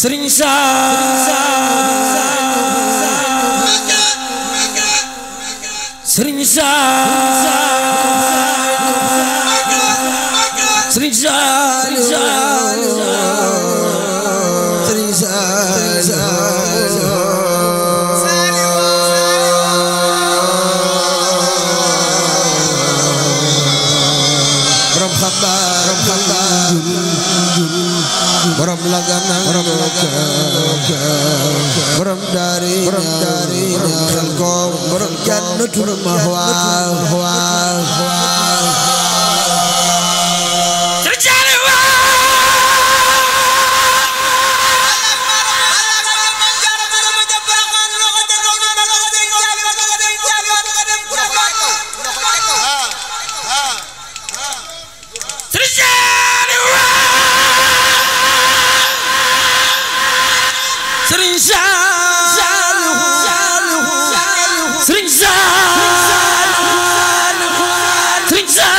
sëriñ Saaliw sëriñ Saaliw sëriñ Saaliw la ganal borom daari borom daari xel ko borom jannatu ma waaw waaw Serigne Saliou Serigne Saliou Serigne Saliou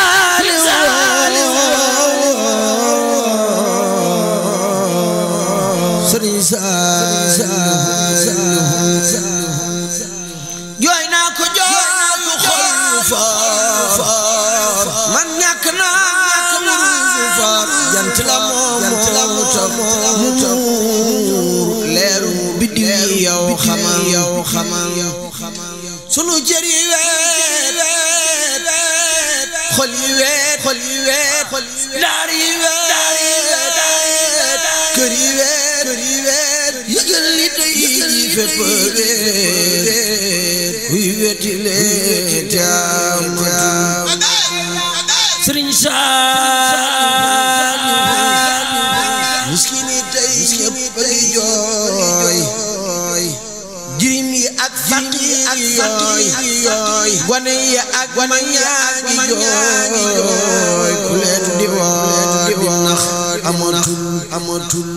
Serigne Saliou jooy naa ko jooy naa ko xol fa man ñàkk naa jant la moo jant la mu xamal sunu cër yi weet xol yi weet xol yi weet daar yi weet kër yi weet kër yi weet yëgal li tey yi fépp weet kuy weti leen te amatul Sëriñ Saa jooy gone yi ak ma ñaa ngi jooy ku leen di woor di nax amatul amatul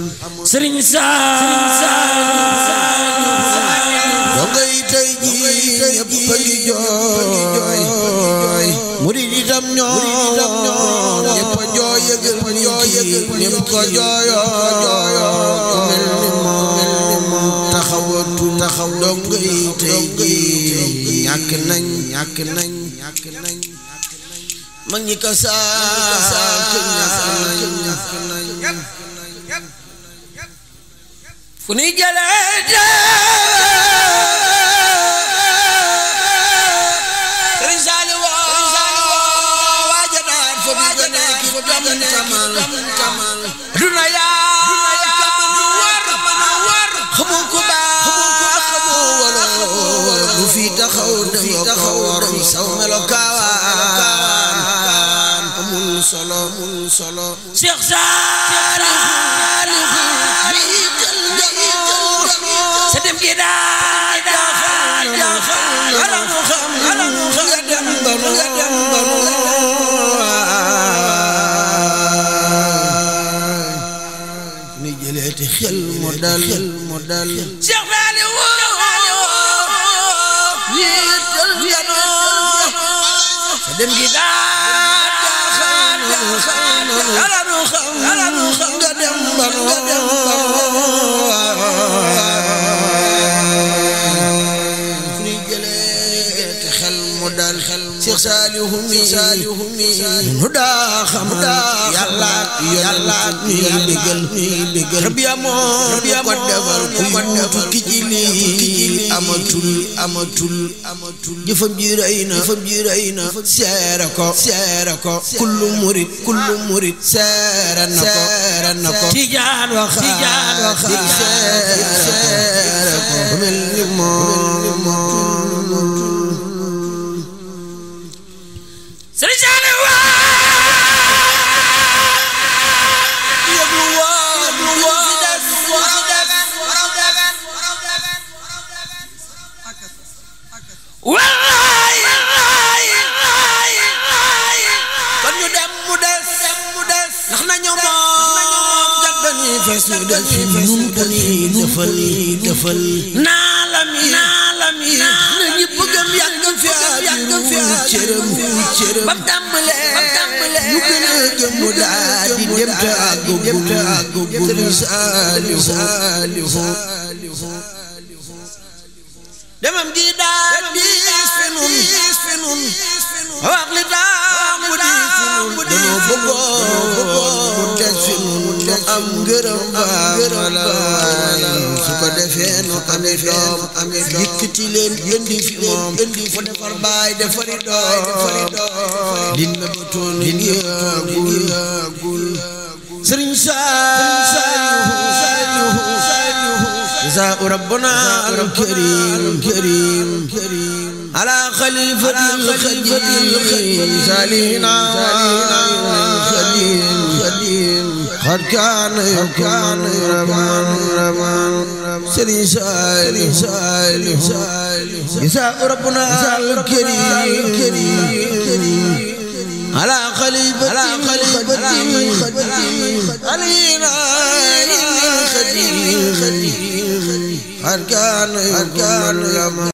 sëriñ Saaliw dongo yi tey jii ñëpp a ngi jooy murid itam ñoo ñëpp a jooy yëgal ñëpp ko jooyoo nañ ñàkk nañ ñàkk nañ mag ñi ko saak ñàkk nañ fu ni jëlee sëriñ Saali woo waaja daal fo bi gënee solo mun solo Cheikh Saliou sa dem gi daay daay ala mu xam ala mu xam nga dem ba mu nga dem ba mu ni jëleeti xel mu dal xel mu dal Cheikh Saliou sa dem gi daay nga dem Cheikh Saliou mi nu daa xamal yàlla yàlla mi bégal mi bégal rabbi amoon rabbi ko defal ku yuutu ki ci lii amatul amatul amatul jëfam ji rëy na jëfam ji rëy na seere ko seere ko kullu murit kullu murit seere na ko seere na ko tijaan waxa tijaan waxa seere ko mel ni moom kon ñu dem mu des mu des ndax nañu moom jàppani fees ñu des fi nun ko nii defal defal naalam yi naalam yi na ñëpp gëm yàgg fi yàgg fi cërëm cërëm ba tàmbalee ba tàmbalee ñu gën a gëm mu daal di dem te àggagul àggagul saalihu saalihu demam ji daal diis fi nun diis fi nun wax li tax mu diis fi nun danoo bëggoon mu teg fi nun nu am ngërëm baabalaay su ko defee nu ami doom ami doom yëkkati leen indi fi moom indi fu defar baay defari doom lin na bëtoon lin yëgul sëriñ saa جزاء ربنا الكريم كريم كريم على خليفة الخديم سالينا خديم خديم قد كان يكون رمان رمان سري سائل سائل جزاء ربنا الكريم كريم على خليفة arkaan yu